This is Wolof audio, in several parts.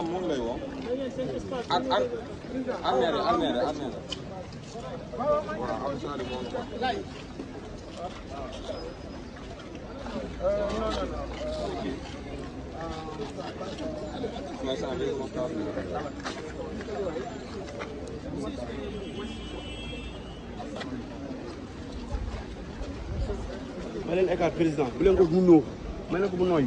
Sam mu ngi lay woo ak ak armeer yi armeer yi armeer yi waaw am saari moo ngi mais ça veut mota ma leen écart président bu leen ko mu nóof ma leen ko mu nooy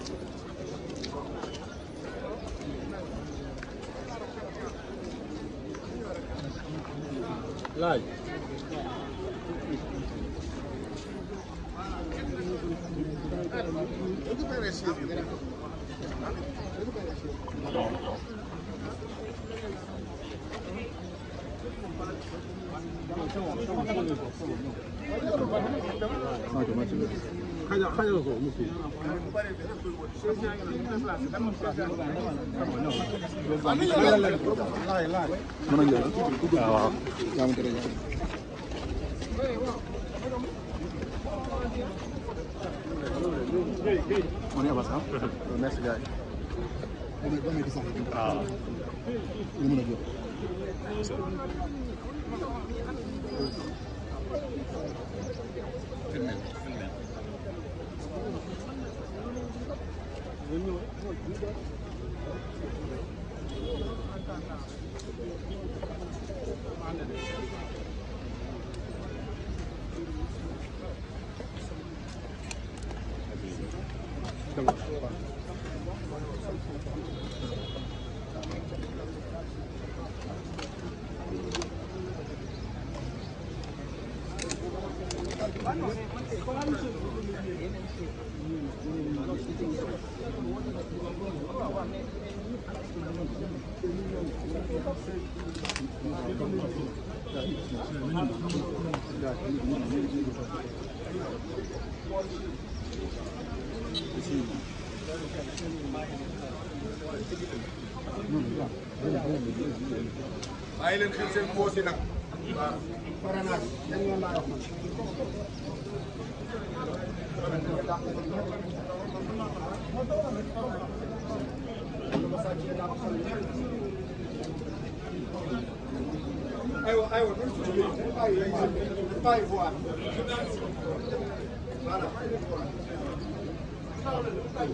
laaj Thank you. xaja xaja ko mu fi On est à ça. Merci gars. On est pas médecin. Ah. Il me l'a dit. Filmez, filmez. Thank you. leen xel seen poos yi nag waaw parrainage dañ loolu laa wax man aywa aywa doon suuf bi ay ay voie voilà. Thank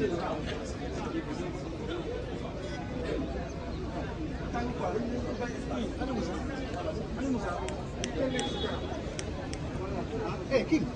you. Hey, eh, King.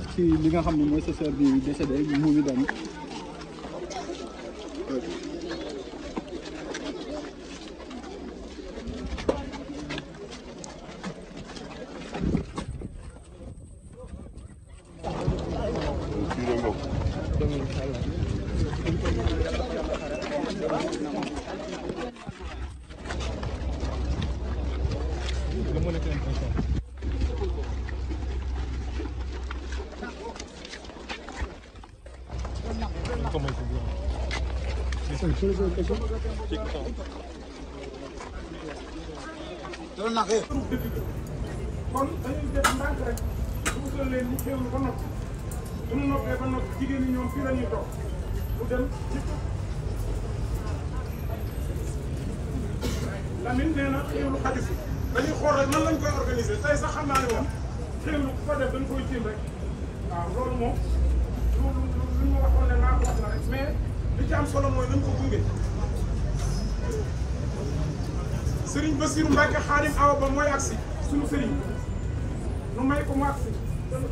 wax ci li nga xam ne mooy sa sœur bi décédé mu ngi dem Basiru Mbàkke Xaadim Awa Ba mooy agsi suñu sëriñ nu may ko mu agsi dañu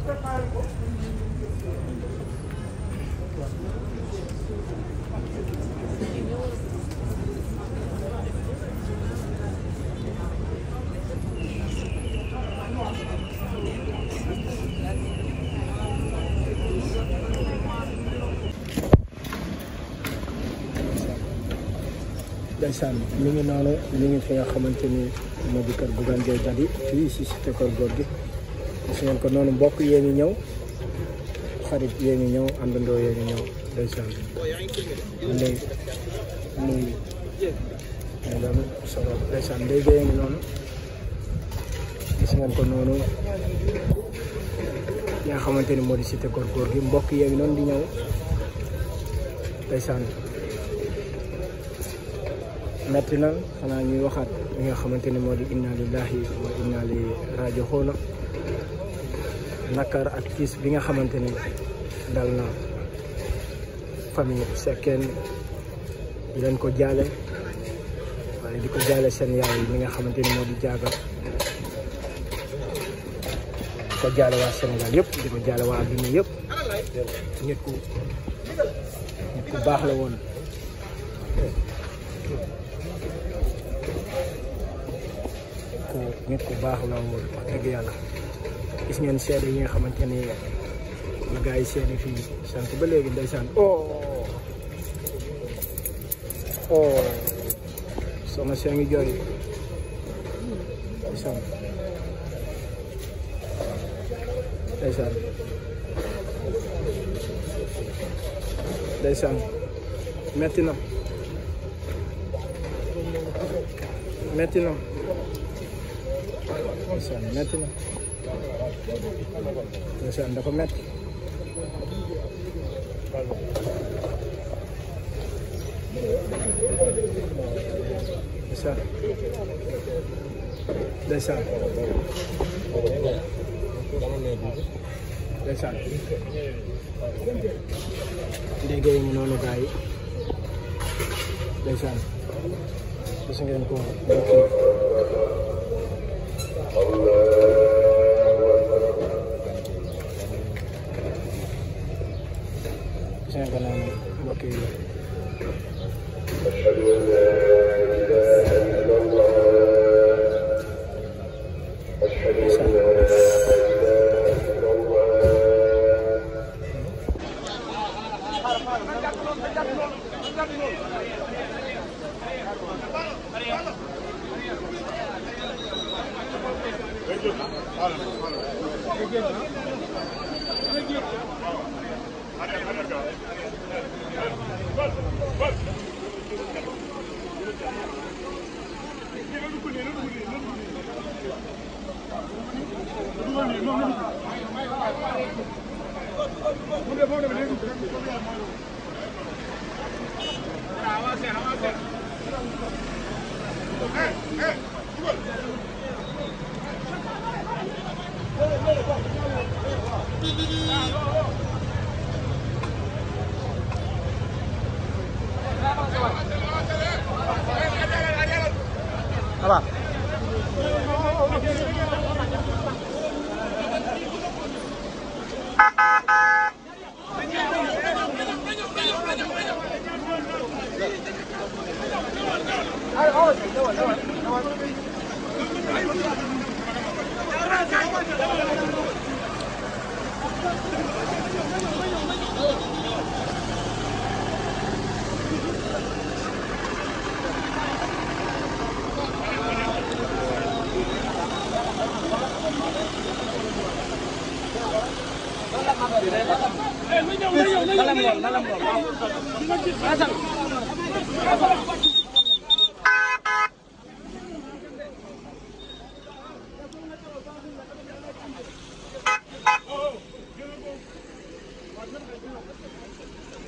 ndeysaan ñu ngi noonu ñu ngi fi nga xamante ni moo kër Bougane Gueye Dany fii si góor Keur Gorgui gis ngeen ko noonu mbokk yee ngi ñëw xarit yee ngi ñëw àndandoo yee ngi ñëw ndeysaan ndey muy mu solo ndeysaan ndey yee ngi noonu ngeen ko noonu nga xamante ni moo di cité góor gi mbokk yee ngi noonu di ñëw ndeysaan metti na xanaa ñuy waxaat mi nga xamante ni moo di inna lillahi wa inna ilayhi raaji'uun nakar ak kiis bi nga xamante ni dal na famille Seckène di leen ko jaale waaye di ko jaale seen yaay mi nga xamante ni moo di jaaga di ko waa Sénégal yëpp di ko jaale waa adduna yëpp nit ku baax la woon nit ku baax la woon wax dëgg yàlla gis ngeen seede yi nga xamante ni la gars yi seede fii sant ba léegi ndeysaan oh oh soxna see ngi jooy ndeysaan ndeysaan ndeysaan metti na metti na ndeysaan metti na ndeysaan dafa metti ndeysaan ndeysaan ndeysaan ndege yi noonu gars yi ndeysaan gis ngeen ko Allah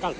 Calma.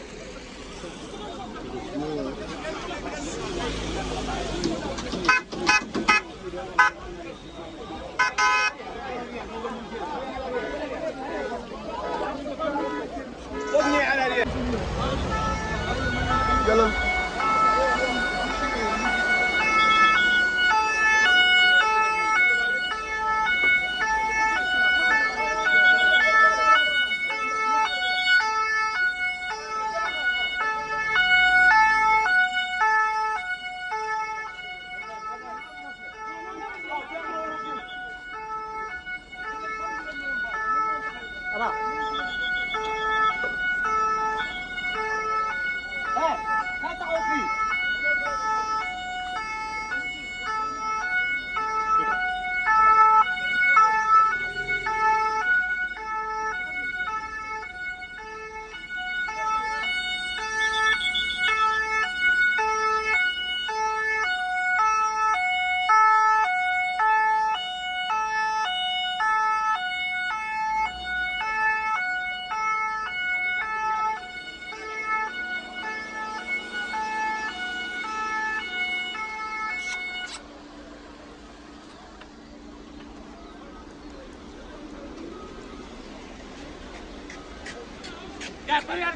Arriero, arriero,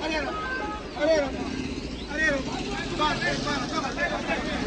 arriero, arriero, arriero, arriero, arriero,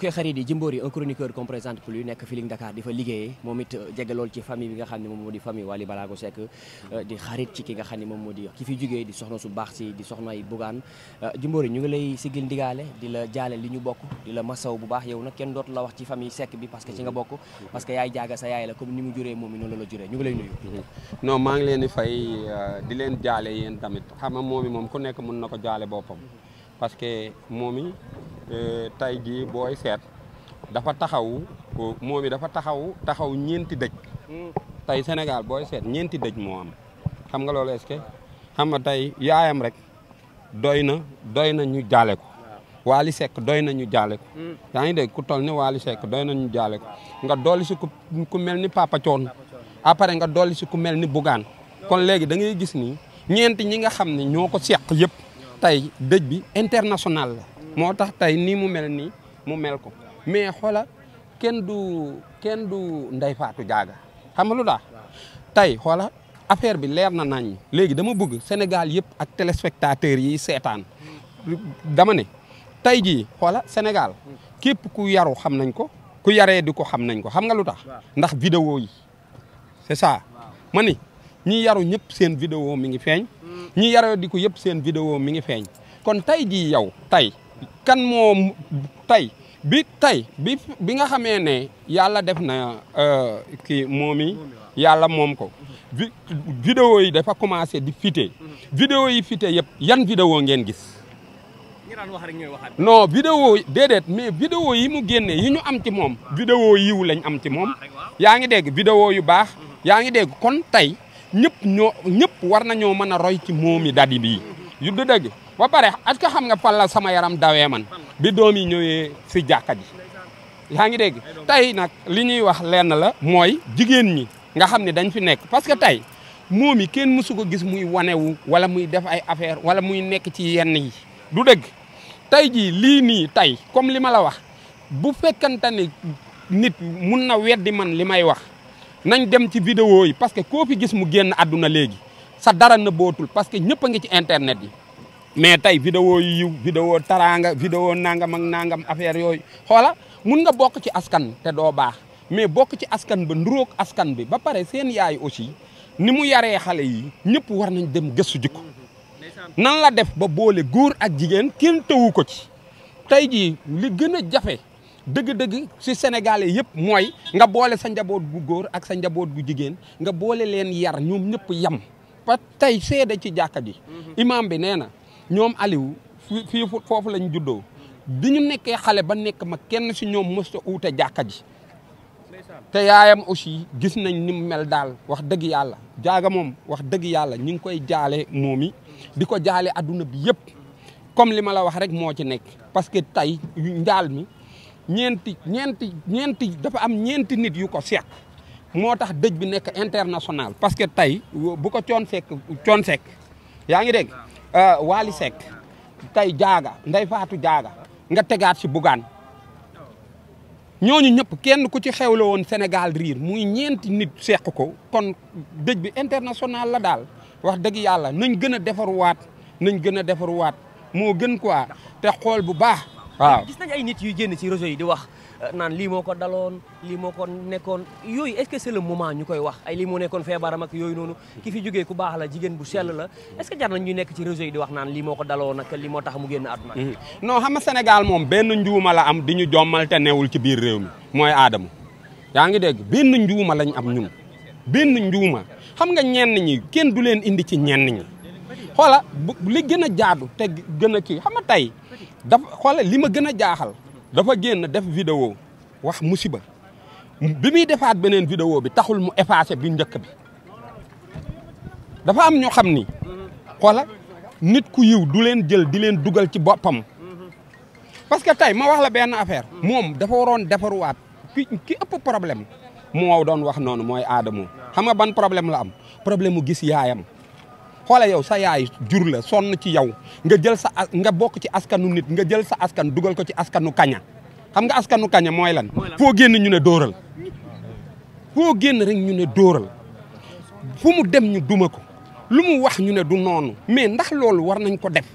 ok xarit yi Jimbori un chroniqueur qu'on présente plus nekk Feeling Dakar di fa liggéeyee moom it euh, jege lool ci famille bi nga xam ne moom moo di famille Wally Ballago Seck euh, di xarit ci ki nga xam ne moom di ki fi baax si euh, nga bokk parce que yaay jaaga sa yaay la comme ni mu juree moom noonu la juree ñu ngi lay nuyu mhm. non maa leen fay di leen jaale yéen tamit xam moom moom ku nekk mën na ko jaale boppam mhm. parce que moom i Euh, tay jii booy seet dafa taxaw moom it dafa taxaw taxaw ñeenti dëj hmm. tey Sénégal booy seet ñeenti dëj moo am xam nga loolu est xam nga tey yaayam rek doy na doy na ñu jaale ko Wally Seck doy na ñu jaale hmm. yaa ngi dégg ku toll ni Wally Seck doy na ñu jaale nga dolli si ku mel ni Papa Thione après nga dolli si ku mel ni Bougane kon léegi da ngay gis ni ñeenti ñi nga xam ne ñoo ko seq yëpp tey dëj bi international la moo tax tey nii mu mel nii mu mel ko mais xoola kenn du kenn du Ndeye Fatou Diaga xam lu tax tey xoola affaire bi leer na nañ léegi dama bëgg Sénégal yëpp ak téléspectateurs yi seetaan dama ne tey jii xoola Sénégal képp ku yaru xam nañ ko ku yaree di ko xam nañ ko xam nga lu tax ndax vidéo yi c'est ça ma ni ñi yaru ñëpp seen video mi ngi feeñ mm. ñi yaree di ko yëpp seen vidéo mi ngi feeñ kon tey jii yow tey kan moo tey bi tey bi bi nga xamee ne yàlla def na euh, kii moom yi yàlla moom ko vi vidéo yi dafa commencé di fité vidéo yi fité yëpp yan vidéo ngeen gis noo vidéo déedéet mais vidéo yi mu génne yi ñu am ci moom vidéo yiw lañ am ci moom ah, yaa ngi dégg vidéo yu baax mm-hmm. yaa ngi dégg kon tey ñëpp ñoo ñëpp war nañoo mën a roy ci moomi dadi bii yu du dëgg ba pare at ko xam nga fan la sama yaram dawe man bi doom yi ñëwee si jàkka ji yaa ngi dégg tey nag li ñuy wax lenn la mooy jigéen ñi nga xam ni dañ fi nekk parce que tey moom yi kenn mësu ko gis muy wanewu wala muy def ay affaire wala muy nekk ci yenn yi du dëgg tey jii lii nii tey comme li ma la wax bu fekkante ni nit mun na weddi man li may wax nañ dem ci vidéo yi parce que koo fi gis mu génn àdduna léegi sa dara na bootul parce que ñëpp a ngi ci internet yi mais tey vidéo yi yiw vidéo taraanga vidéo nangam ak nangam affaire yooyu xoola mun nga bokk ci askan te doo baax mais bokk ci askan ba nduróog askan bi ba pare seen yaay aussi ni mu yaree xale yi ñëpp war nañ dem gëstu jikko nan la def ba boole góor ak jigéen kenn tewu ko ci tey jii li gën a jafe dëgg-dëgg si sénégalais yëpp mooy nga boole sa njaboot bu góor ak sa njaboot bu jigéen nga boole leen yar ñoom ñëpp yam ba tey seede ci jàkka ji. Mhm. imaam bi nee na ñoom Aliou fii foofu lañ juddoo. bi ñu nekkee xale ba nekk ma kenn si ñoom mosut a uute jàkka ji. te yaayam aussi gis nañ ni mel daal wax dëgg yàlla jaaga moom wax dëgg yàlla ñu ngi koy jaale moom yi di ko jaale adduna bi yëpp comme li ma la wax rek moo ci nekk parce que tey njaal mi ñeenti ñeenti ñeenti dafa am ñeenti nit yu ko seq moo tax dëj bi nekk international parce que tey bu ko coon sekk coon sekk yaa ngi dégg euh, waali sekk tey jaaga nday faatu jaaga nga tegaat si bugaan ñooñu ñëpp kenn ku ci xewle woon Sénégal riir muy ñeenti nit seq ko kon dëj bi international la daal wax dëgg yàlla nañ gën a defaruwaat nañ gën a defaruwaat moo gën quoi te xool bu baax waaw gis nañ ay nit yuy génn ci réseau yi di wax naan lii moo ko daloon lii moo ko nekkoon yooyu est-ce que c'est le moment ñu koy wax ay lii moo nekkoon feebaram ak yooyu noonu ki fi jógee ku baax la jigéen bu sell la est-ce que jar nañ ñu nekk ci réseau yi di wax naan lii ko daloon na lii moo tax mu génn àdduna mm-hmm. non xam nga senegal moom benn njuuma la am di ñu jommal te newul ci biir réew mi mooy aadama yaa ngi dégg benn njuuma lañ am ñun benn njuuma xam nga ñenn ñi kenn du leen indi ci ñenn ñi xoola li gën a jaadu te gën a xam nga tey dafa xoola li ma gën a jaaxal dafa génn def vidéo wax musiba bi muy defaat beneen vidéo bi taxul mu effacé bi njëkk bi dafa am ñoo xam ni xoola nit ku yiw du leen jël di leen dugal ci boppam parce que tey ma wax la benn affaire moom dafa waroon defaruwaat ki ki ëpp problème moo doon wax noonu mooy Adamo xam nga ban problème la am problème mu gis yaayam xoola yow sa yaay jur la sonn ci yow nga jël sa nga bokk ci askanu nit nga jël sa askan dugal ko ci askanu kaña xam nga askanu kaña mooy lan foo génn ñu ne dooral foo génn rek ñu ne dóoral fu mu dem ñu duma ko lu mu wax ñu ne du noonu mais ndax loolu war nañ ko def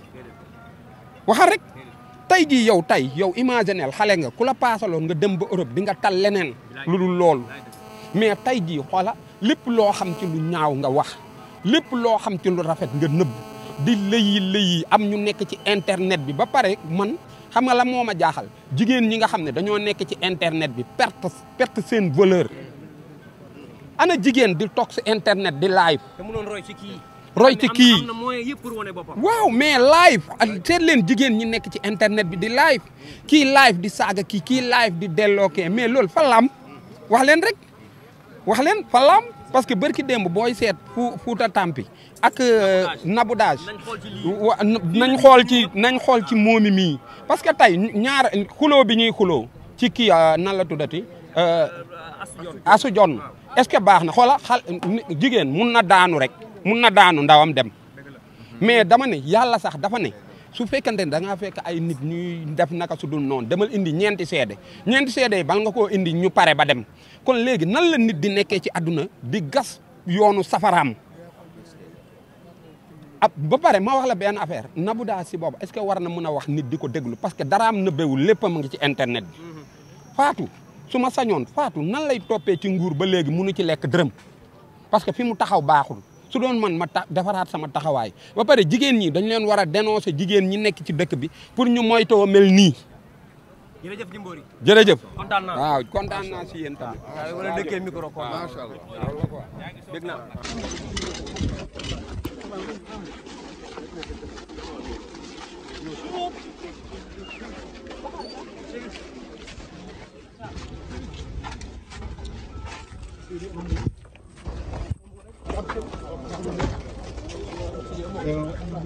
waxal rek tey jii yow tey yow imaginel xale nga ku la paasaloon nga dem ba Europe di nga tal leneen lu dul loolu mais tey jii xoola lépp loo xam ci lu ñaaw nga wax lépp loo xam ci lu rafet nga nëbb di lëyi lëyi am ñu nekk ci internet bi ba pare man xam nga la moom ma jaaxal jigéen ñi nga xam ne dañoo nekk ci internet bi perte perte seen valeur ana jigéen di toog si internet di live. te mënoon roy ci kii. roy ci kii am na moyen yëpp wane boppam waaw mais live seet leen jigéen ñi nekk ci internet bi di live kii live di saaga kii kii live di delloo kee mais loolu fa laam wax leen rek wax leen fa laam parce que bërki démb booy seet Fuuta Tampi ak euh, naboudage nañ xool ci nañ xool ci moomi mii parce que tey ñaar xuloo bi ñuy xuloo ci kii euh, nan la tuddati euh, asu jonn est-ce que baax na xoola jigéen mun na daanu rek mun na daanu ndawam dem mais dama ne yàlla sax dafa ne su fekkante ne da ngaa fekk ay nit ñuy def naka su dul noonu demal indi ñeenti seede ñeenti seede yi bal nga koo indi ñu pare ba dem kon léegi nan la nit di nekkee ci àdduna di gas yoonu safaraam ab ba pare ma wax la benn affaire Nabou Dash si boobu est-ce que war na mun a wax nit di ko déglu parce que daraam nëbbewul léppam ngi ci internet bi Fatou su ma sañoon faatu nan lay toppee ci nguur ba léegi mënu ci lekk dërëm parce que fi mu taxaw baaxul su doon man ma ta defaraat sama taxawaay ba pare jigéen ñi dañ leen war a dénoncer jigéen ñi nekk ci dëkk bi pour ñu moytoo mel nii. jërëjëf Jimbori. jërëjëf kontaan naa waaw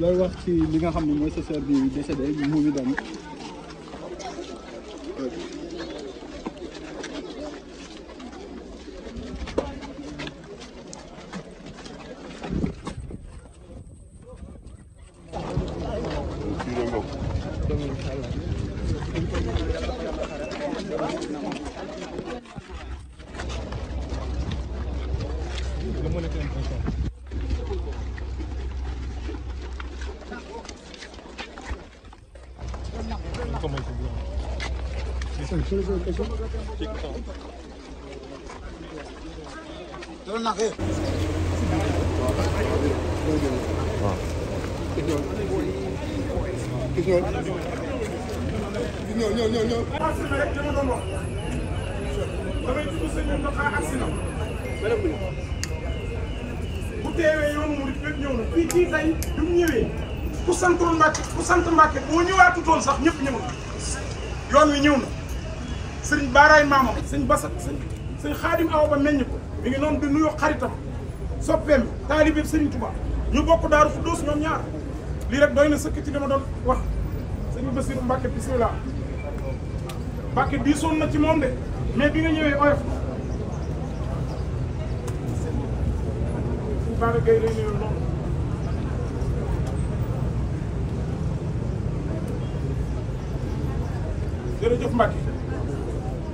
looy wax ci li nga xam ne mooy sa sœur bi décédé mu ngi doon teewee yoonu murit fépp ñëw na fii kii tey bi mu ñëwee ku sant Mbàkke ku sant Mbàkke boo ñëwaatutoon sax ñëpp ñëw na yoon wi ñëw na sëriñ baaraay maamam sëñ basat sëñ sëñ xaadim awa ba meññ ko mi ngi noonu di nuyoo xaritam soppeem taalibeeb sëriñ Tuubaa ñu bokk daaru fu doos ñoom ñaar lii rek doy na sëkk ci dama doon wax sëñ Basiru Mbàkke bismillah Mbàkke diisoon na ci moom de mais bi nga ñëwee oyof Bara Gaye lay jërëjëf Mbacke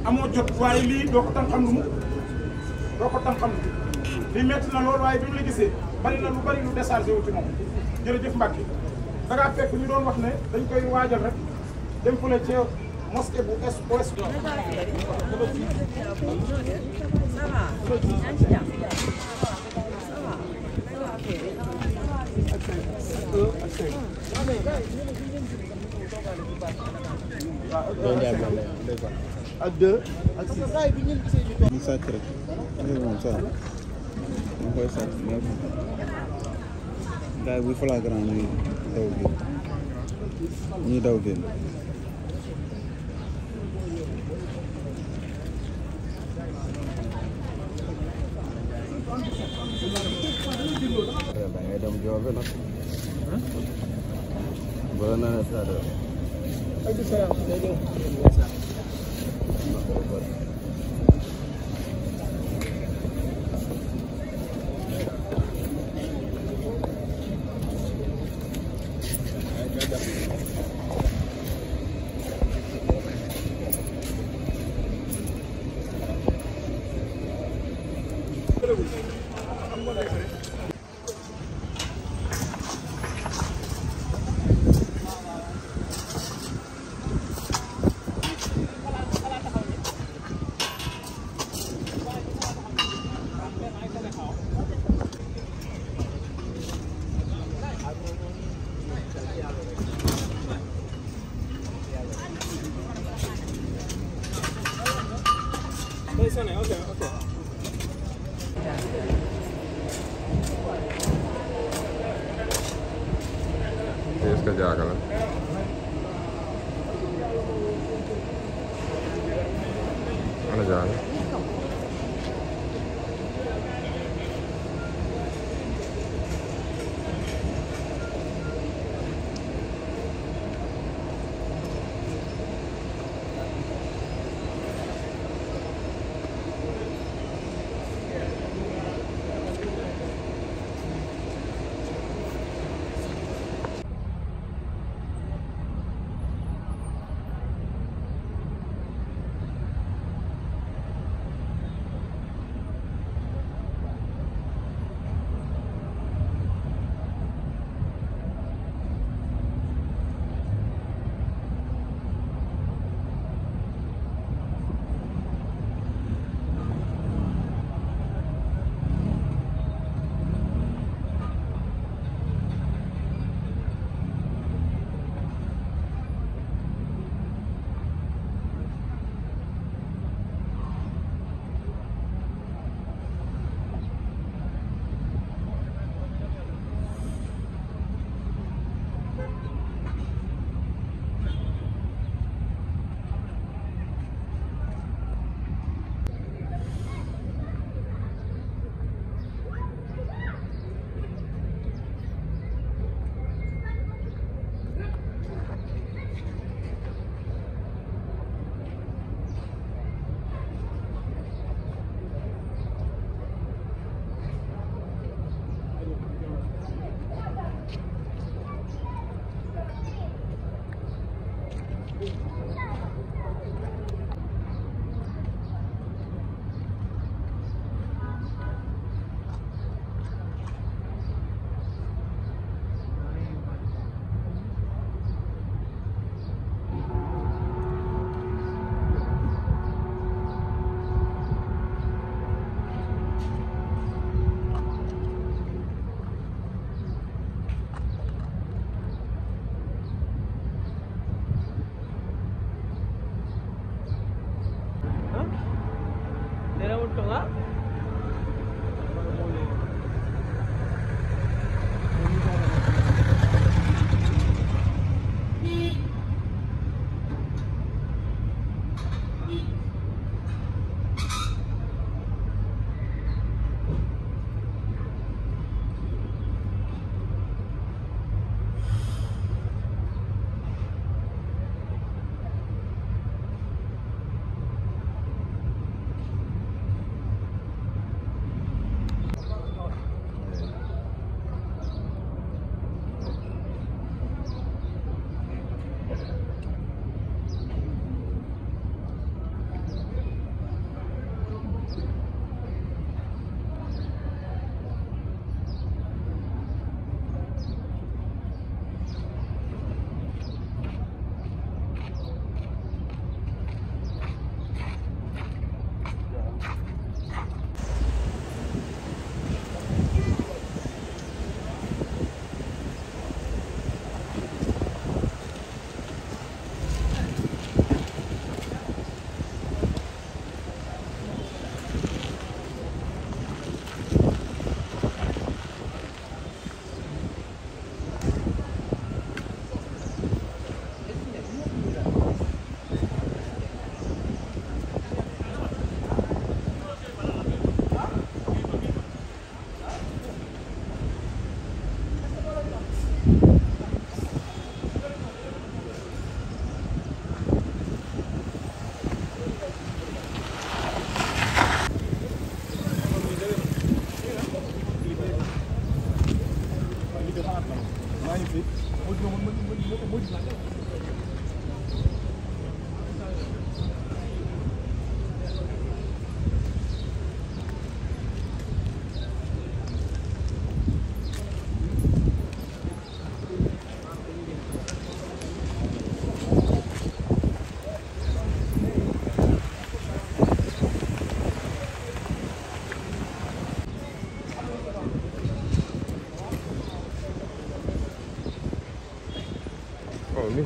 amoo jot waaye lii doo ko tan xam lu mu doo moom dañ koy waajal rek bu est ak deux ak six. ñu sàcc rek. ñu moom ça ñu koy sàcc mais gars yi buy flagrant ñuy daw génn ñuy daw génn. da ngay dem joobe nag. Buenas tardes.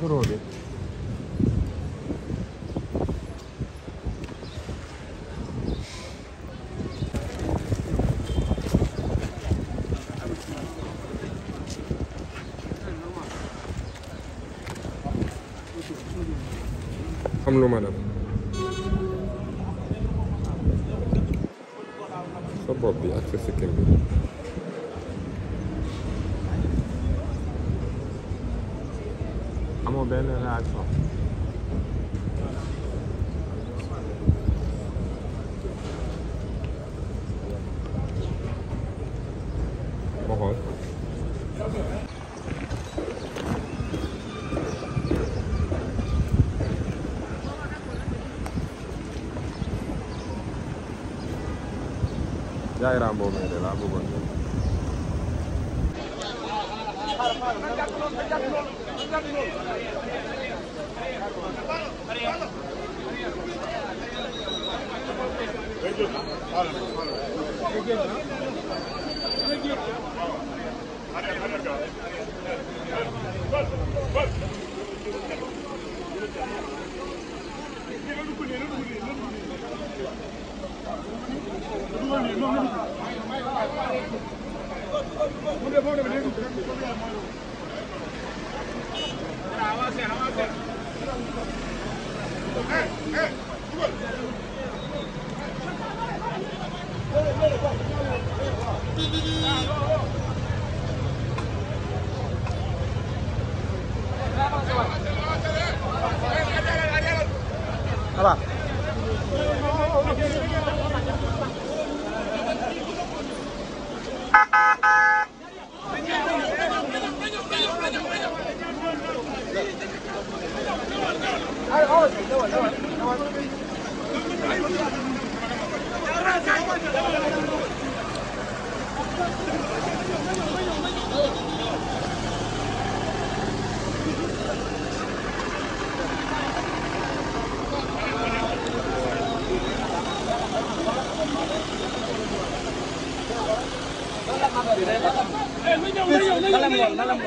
robi. am lu ma dem sa bopp bi ak sa sikkim bi benn réaction waxoon yaay raam boobu de laa bëggoon Gracias. Thank you. voilà. Давай, давай, давай. na la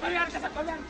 cambiar, que se cambiar.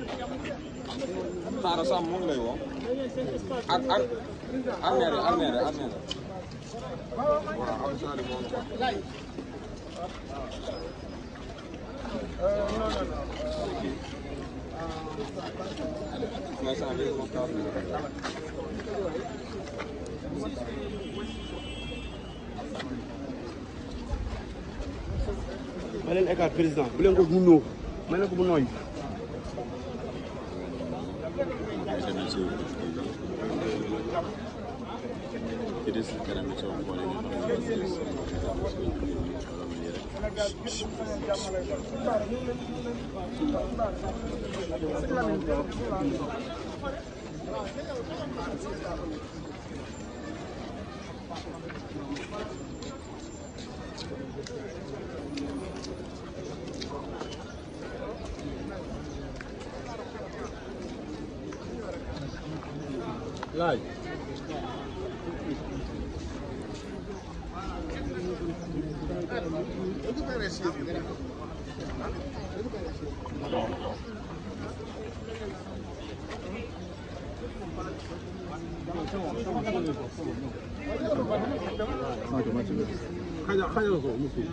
xaaral Samb moom lay woo ak ak armeer armeer armeer waaw am ma leen écart président bu ma leen ko mu nooy it is the kind of metal body Thank you. laaj xaja xaja ko mu fi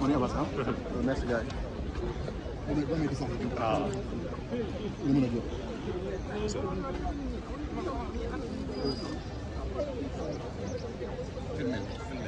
Maria Bassa. Merci gars. Ah. Lu mën a jóg. Firmel. Firmel.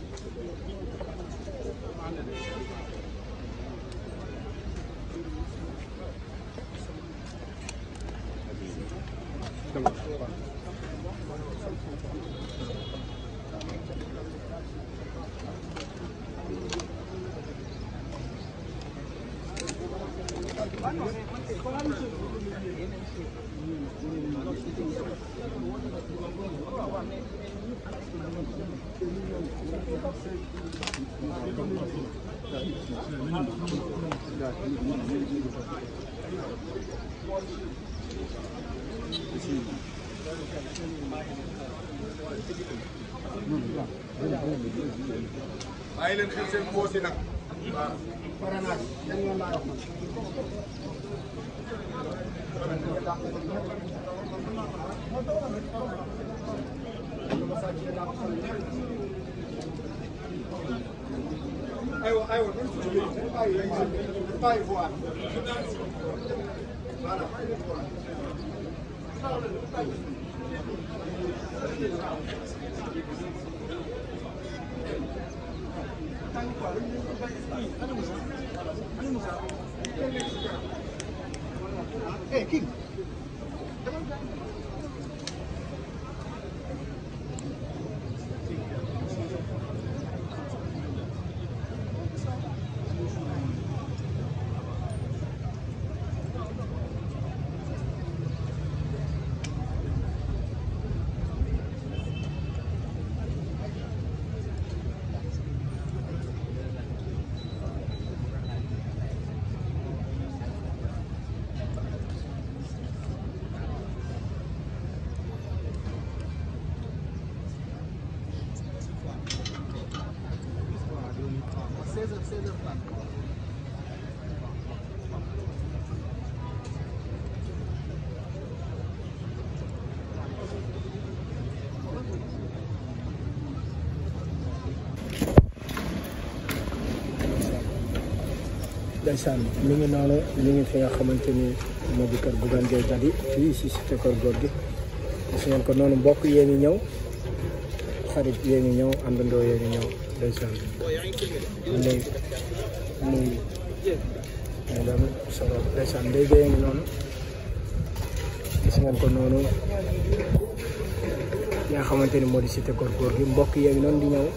seen mboosi nag waaw parrainage yan Hey, eh, King. ndeysaan mi ngi noonu li ngi fi nga xamante ni moo di kër Bougane Gueye Dany fii si cité Keur Gorgui gis ngeen ko noonu mbokk yee ngi ñëw xarit yee ngi ñëw àndandoo yee ngi ñëw ndeysaan muy muy madame solo ndeysaan léegi yee ko noonu nga xamante ni moo di cité Keur Gorgui mbokk yee ngi di ñëw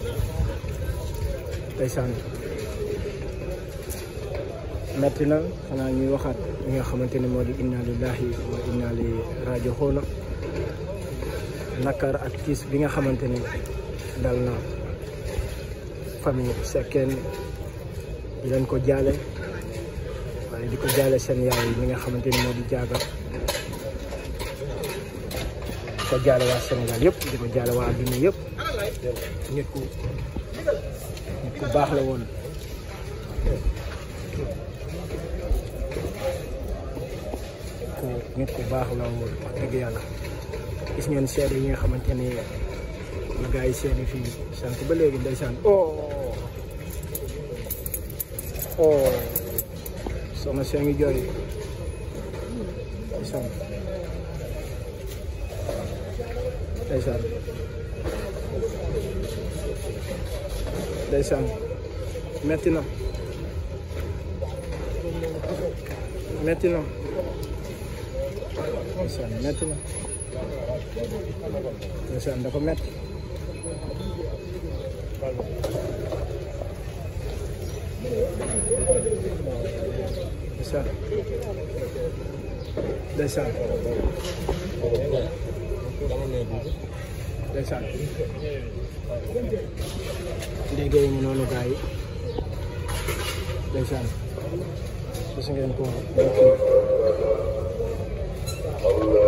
metti na xanaa ñuy waxaat li nga xamante ni moo di inna lillahi wa inna ilayhi raaji'uun nakar ak kiis bi nga xamante ni dal na famille Seckène di leen ko jaale waaye di ko jaale seen yaay yi nga xamante ni moo di jaaga di ko jaale waa Sénégal yëpp di ko jaale waa adduna yëpp nit ku nit ku baax la woon nit ku baax la woon wax dëgg yàlla gis ngeen seede yi nga xamante ni la gars yi seede fii sant ba léegi ndeysaan oh oh soxna see ngi jooy ndeysaan ndeysaan ndeysaan metti na metti na ndeysaan métti na ndeysaan dafa métti ndeysaan ndeysaan ndeysaan ndégg yi noonu gaa yi ndeysaan gis ngeen ko Allah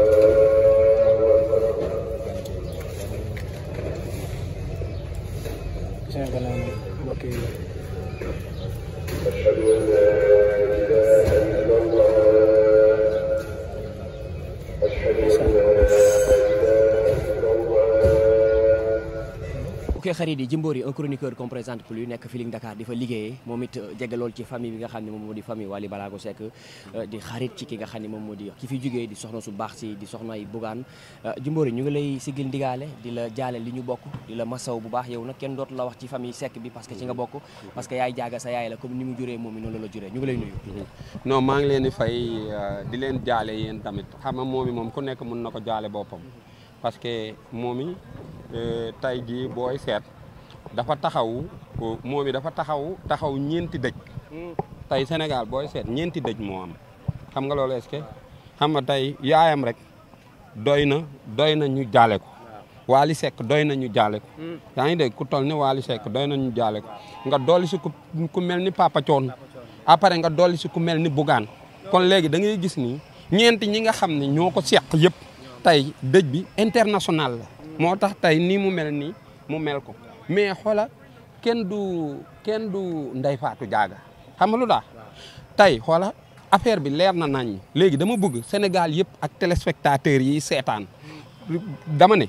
xarit yi Jimbori un chroniqueur qu'on présente plus nekk Feeling Dakar di fa liggéeyee moom it euh, jege ci famille bi nga xam ne moom moo di famille Wally Balago Seck euh, di xarit ci ki nga xam ne moom di soxna su baax si di soxna ay bugaan euh, ñu ngi lay sigil ndigaale di la jaale li ñu bokk di la masaw bu baax yow nag kenn dootu la wax ci famille Seck bi parce que ci nga bokk parce que yaay jaaga sa yaay la comme ni mu juree moom noonu la juree ñu mhm. di fay di leen jaale yéen tamit xam nga moom mi moom ku nekk mën ko jaale boppam mhm. parce Euh, tay jii booy seet dafa taxaw moom it dafa taxaw taxaw ñeenti dëj hmm. tey Sénégal booy seet ñeenti dëj moo am xam nga loolu est xam nga tey yaayam rek doy na doy na ñu jaale ko Wally Seck doy na ñu jaale hmm. yaa ngi dégg ku toll ni Wally Seck doy na jaale nga dolli si ku mel ni Papa Thione après nga dolli si ku mel ni Bougane kon léegi da ngay gis ni ñeenti ñi nga xam ne ñoo ko seq yëpp tey dëj bi international la moo tax tey nii mu mel nii mu mel ko mais xoola kenn du kenn du Ndeye Fatou Diaga xam lu daa tey xoola affaire bi leer na nañ léegi dama bëgg Sénégal yëpp ak téléspectateurs yi seetaan dama ne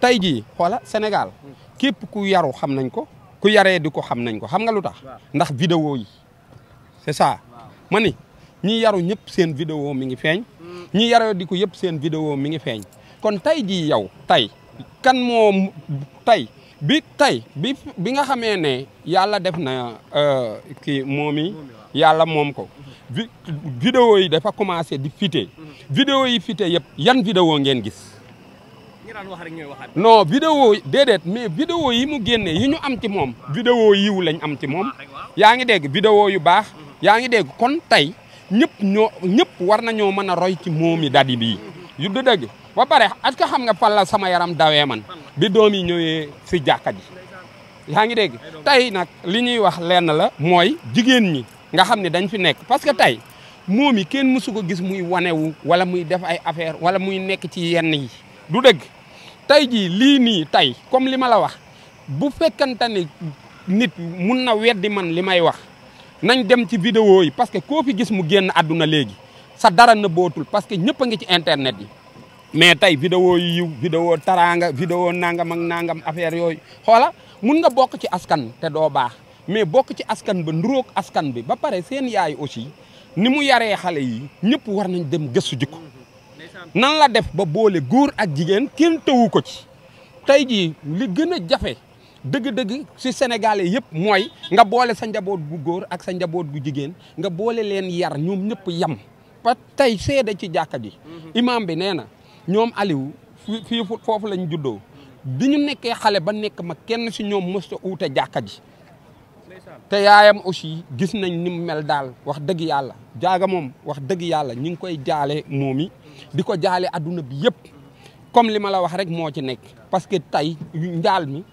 tey jii xoola Sénégal képp ku yaru xam nañ ko ku yaree di ko xam nañ ko xam nga lu tax ndax video yi c'est ça ma ni ñi yaru ñëpp seen vidéo mi ngi feeñ ñi yaree di ko yëpp seen video mi ngi feeñ kon tey jii yow tey kan moo tey bi tey bi bi nga xamee ne yàlla def na euh, kii moom yi yàlla moom ko vi vidéo yi dafa commencé di fité vidéo yi fité yëpp yan vidéo ngeen gis noo vidéo déedéet mais vidéo yi mu génne yi ñu am ci moom vidéo yiwu lañ am ci moom ah, yaa ngi dégg vidéo yu baax yaa ngi dégg kon tey ñëpp ñoo ñëpp war nañoo mën a roy ci Momy Dady bii yu du dëgg ba pare est-ce que xam nga fan la sama yaram dawee man bi doom yi ñëwee si jàkka ji yaa ngi dégg tey nag li ñuy wax lenn la mooy jigéen ñi nga xam ni dañ fi nekk parce que tey moom yi kenn mësu ko gis muy wanewu wala muy def ay affaire wala muy nekk ci yenn yi du dëgg tey jii lii nii tey comme li ma la wax bu fekkante ni nit mun na weddi man li may wax nañ dem ci vidéo yi parce que koo fi gis mu génn àdduna léegi sa dara na bootul parce que ñëpp a ngi ci internet yi mais tey vidéo yi yiw vidéo taraanga vidéo nangam ak nangam affaire yooyu xoola mun nga bokk ci askan te doo baax mais bokk ci askan ba nduróog askan bi ba pare seen yaay aussi ni mu yaree xale yi ñëpp war nañ dem gëstu jikko nan la def ba boole góor ak jigéen kenn tëwu ko ci tey jii li gën a jafe dëgg-dëgg si sénégalais yëpp mooy nga boole sa njaboot gu góor ak sa njaboot gu jigéen nga boole leen yar ñoom ñëpp yam ba tey seede ci jàkka ji mhm. imaam bi nee na ñoom Aliou fii foofu lañ juddoo bi ñu nekkee xale ba nekk ma kenn si ñoom mësta uute jàkka ji te yaayam aussi gis nañ ni mu mel daal wax dëgg yàlla jaaga moom wax dëgg yàlla ñu ngi koy jaale moom yi di ko jaale adduna bi yëpp comme li ma la wax rek moo ci nekk parce que tey njaal mi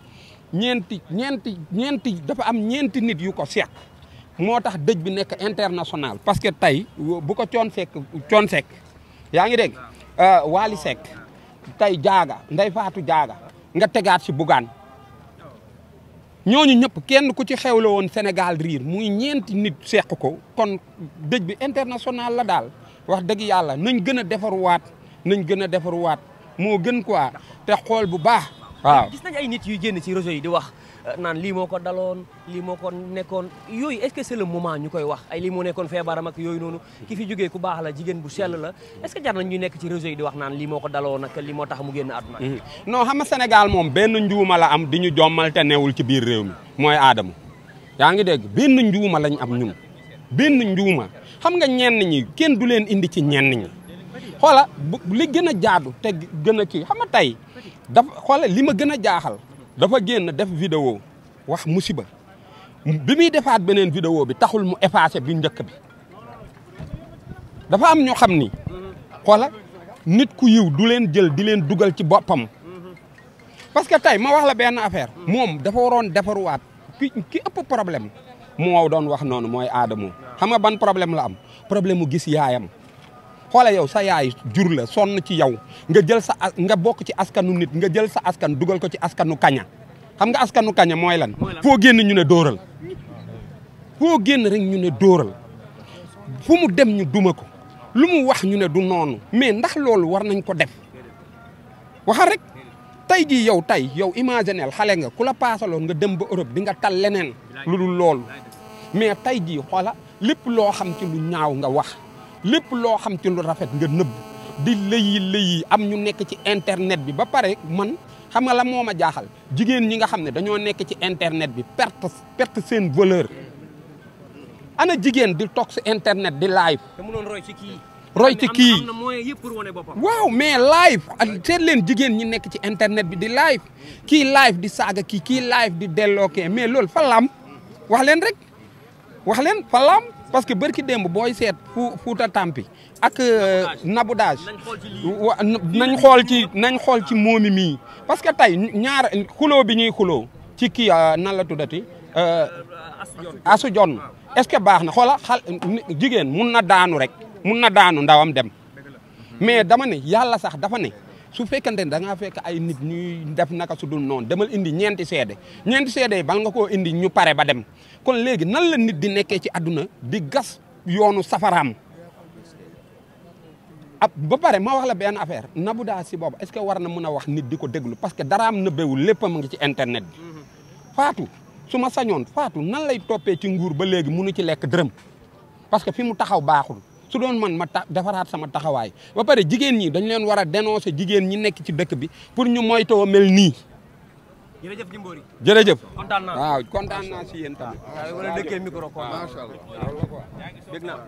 ñeenti ñeenti ñeenti dafa am ñeenti nit yu ko seq moo tax dëj bi nekk international parce que tey bu ko coon sekk coon sekk yaa ngi dégg ah. euh, waali sekk tey jaaga nday faatu jaaga nga tegaat si bugaan ñooñu ñëpp kenn ku ci xewle woon Sénégal riir muy ñeenti nit seq ko kon dëj bi international la daal wax dëgg yàlla nañ gën a defaruwaat nañ gën a defaruwaat moo gën quoi te xool bu baax waaw gis nañ nit yu génn ci réseau yi di wax Euh, naan lii moo ko daloon lii moo ko nekkoon yooyu est-ce que c'est le moment ñu koy wax ay lii moo nekkoon feebaram ak yooyu noonu ki fi jógee ku baax la jigéen bu sell la est que jar nañ ñu nekk ci réseau yi di wax naan lii ko daloon ak lii moo tax mu génn àdduna mm-hmm. non xam nga Sénégal moom benn njuuma la am di ñu jommal te newul ci biir réew mi mooy aadama yaa ngi dégg benn njuuma lañ am ñun benn njuuma xam nga ñenn ñi kenn du leen indi ci ñeen ñi xoola li gën a jaadu te gën a kii xam nga tey dafa xoola li ma gën a jaaxal dafa génn def vidéo wax musiba bi muy defaat beneen video bi taxul mu effacé bi njëkk bi dafa am ñu xam ni xoola nit ku yiw du leen jël di leen dugal ci boppam parce que tey ma wax la benn affaire moom dafa waroon defaruwaat ki ëpp problème moo doon wax noonu mooy aadamu xam nga ban problème la am problème mu gis yaayam xoola yow sa yaay jur la sonn ci yow nga jël sa nga bokk ci askanu nit nga jël sa askan dugal ko ci askanu kaña xam nga askanu kaña mooy lan foo génn ñu ne dooral foo génn rek ñu ne dóoral fu mu dem ñu duma ko lu mu wax ñu ne du noonu mais ndax loolu war nañ ko def waxal rek tey jii yow tey yow imaginel xale nga ku la paasaloon nga dem ba Europe di nga tal leneen lu dul loolu mais tey jii xoola lépp loo xam ci lu ñaaw nga wax lépp loo xam ci lu rafet nga nëbb di lëyi lëyi am ñu nekk ci internet bi ba pare man xam nga la moo a jaaxal jigéen ñi nga xam ne dañoo nekk ci internet bi perte perte seen voleur ana jigéen di toog si internet di live. te mënoon roy ci kii. roy ci kii waaw mais live ak seet leen jigéen ñi nekk ci internet bi di live kii live di saaga kii kii live di dellookee mais loolu fa laam wax leen rek wax leen fa laam parce que bërki démb booy seet fu fuuta tampi ak euh, naboudage nañ xool ci nañ xool ci moomi mii parce que tey ñaar xuloo bi ñuy xuloo ci kii euh, nan la tuddati euh, asu jonn est-ce que baax na xoola jigéen mun na daanu rek mun na daanu ndawam dem mais dama ne yàlla sax dafa ne su fekkante ne da ngaa fekk ay nit ñuy def naka su dul noonu demal indi ñeenti seede ñeenti seede yi bal nga koo indi ñu pare ba dem kon léegi nan la nit di nekkee ci àdduna di gas yoonu safaraam ab ba pare ma wax la benn affaire Nabou Dash si boobu est-ce que war na mën a wax nit di ko déglu parce que daraam nëbbewul léppam ngi ci internet bi mhm. Fatou su ma sañoon faatu nan lay toppee ci nguur ba léegi mënu ci lekk dërëm parce que fi mu taxaw baaxul su doon man ma ta defaraat sama taxawaay ba pare jigéen ñi dañ leen war a dénoncer jigéen ñi nekk ci dëkk bi pour ñu moytoo mel nii. jërëjëf Jimbori. jërëjëf kontaan naa waaw kontaan naa si yéen tamit. waaw wala dëkkee micro naa.